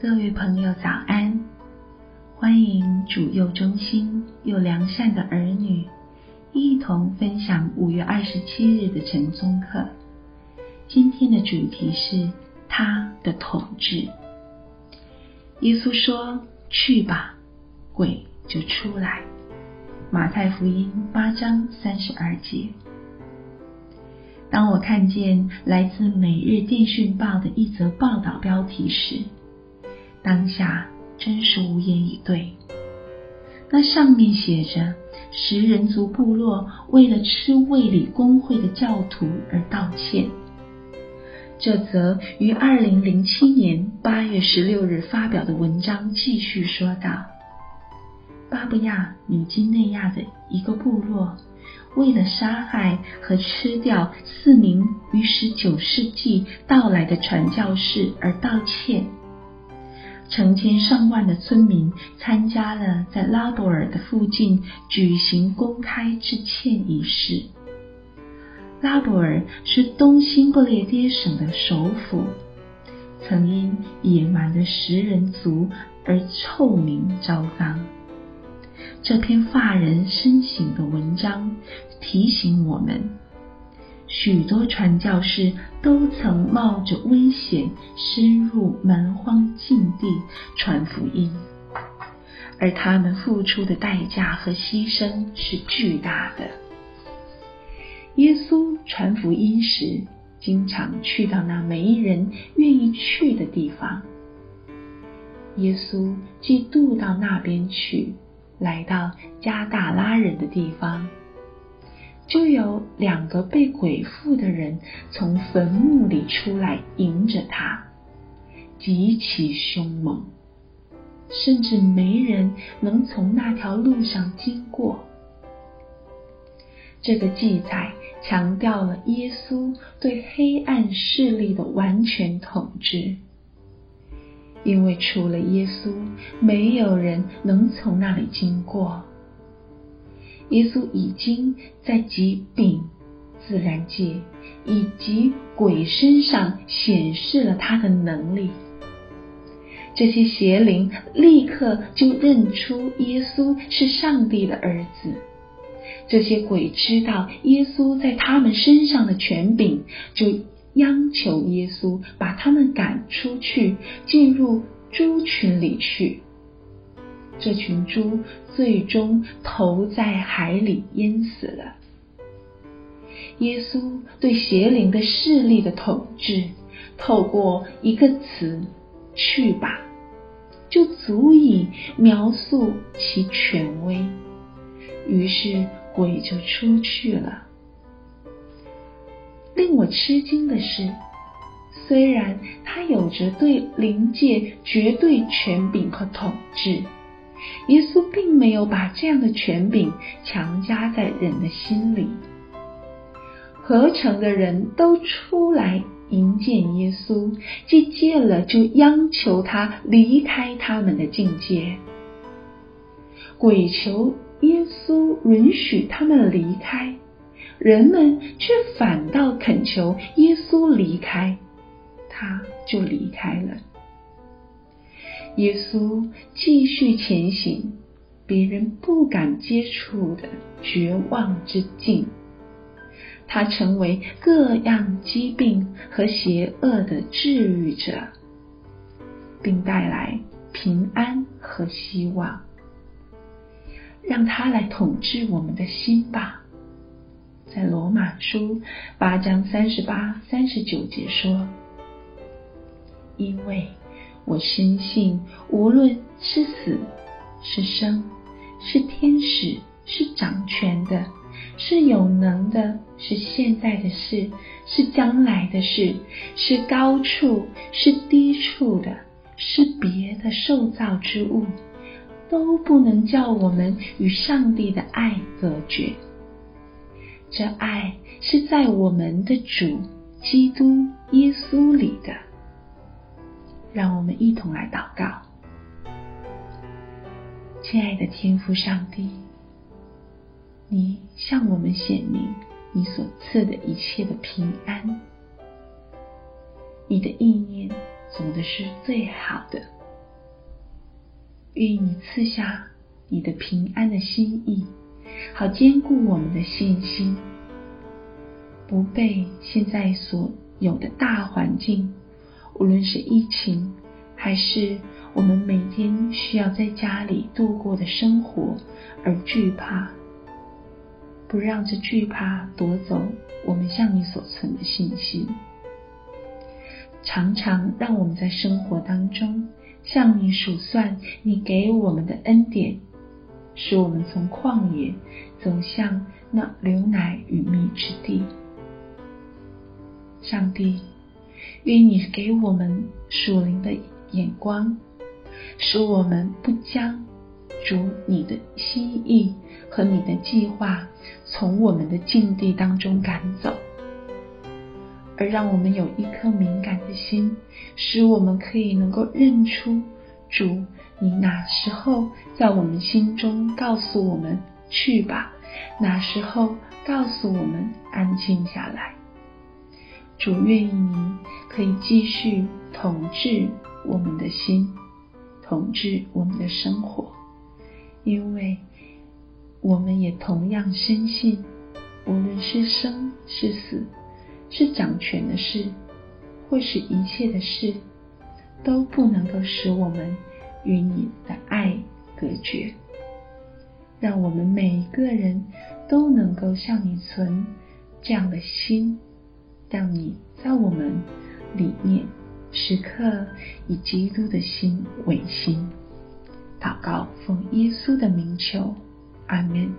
各位朋友早安，歡迎主又忠心又良善的兒女一同分享五月二十七日的晨鐘課。今天的主題是他的統治。耶穌說：“去吧，鬼就出來。”馬太福音八章三十二節。當我看見來自《每日電訊報》的一則報道標題時，當下真是無言以對。那上面寫着：“食人族部落為了吃衛理公會的教徒而道歉。”這則於二零零七年八月十六日發表的文章繼續說道：“巴布亞紐幾內亞的一個部落為了殺害和吃掉四名於十九世紀到來的傳教士而道歉。”成千上萬的村民參加了在拉伯爾的附近舉行公開致歉儀式。拉伯爾是東新不列顛省的首府，曾因野蠻的食人族而臭名昭彰。這篇發人深省的文章提醒我們。許多傳教士都曾冒着危險深入蠻荒禁地傳福音，而他們付出的代價和犧牲是巨大的。耶穌傳福音時，經常去到那沒人願意去的地方。耶穌既渡到那邊去，來到加大拉人的地方。就有兩個被鬼附的人從墳墓裡出來迎着他，極其兇猛，甚至沒人能從那條路上經過。這個記載強調了耶穌對黑暗勢力的完全統治，因為除了耶穌，沒有人能從那裡經過。耶穌已經在疾病、自然界以及鬼身上顯示了他的能力。這些邪靈立刻就認出耶穌是上帝的兒子。這些鬼知道耶穌在他們身上的權柄，就央求耶穌把他們趕出去，進入豬群裡去。這群豬最終投在海裡淹死了。耶穌對邪靈的勢力的統治，透過一個詞“去吧”，就足以描述其權威。於是鬼就出去了。令我吃驚的是，雖然他有着對靈界絕對權柄和統治。耶穌並沒有把這樣的權柄強加在人的心裡，合城的人都出來迎接耶穌，既見了，就央求他離開他們的境界，鬼求耶穌允許他們離開，人們卻反倒懇求耶穌離開，他就離開了。耶穌繼續前行，別人不敢接觸的絕望之境，他成為各樣疾病和邪惡的治癒者，並帶來平安和希望。讓他來統治我們的心吧。在羅馬書八章三十八、三十九節說：“因為。”我深信，無論是死是生，是天使，是掌權的，是有能的，是現在的事，是將來的事，是高處，是低處的，是別的受造之物，都不能叫我們與上帝的愛隔絕。這愛是在我們的主基督耶穌裡的。讓我們一同來禱告，親愛的天父上帝，你向我們顯明你所賜的一切的平安，你的意念總的是最好的。願你賜下你的平安的心意，好堅固我們的信心，不被現在所有的大環境。無論是疫情，還是我們每天需要在家裡度過的生活，而懼怕，不讓這懼怕奪走我們向你所存的信心，常常讓我們在生活當中向你數算你給我們的恩典，使我們從曠野走向那流奶與蜜之地。上帝。願你給我們屬靈的眼光，使我們不將主你的心意和你的計劃從我們的境地當中趕走，而讓我們有一顆敏感的心，使我們可以能夠認出主，你哪時候在我們心中告訴我們去吧，哪時候告訴我們安靜下來。主願意您可以繼續統治我們的心，統治我們的生活，因為我們也同樣深信，無論是生是死，是掌權的事，或是一切的事，都不能夠使我們與你的愛隔絕。讓我們每一個人都能夠向你存這樣的心。讓你在我們裡面時刻以基督的心為心，禱告奉耶穌的名求，阿門。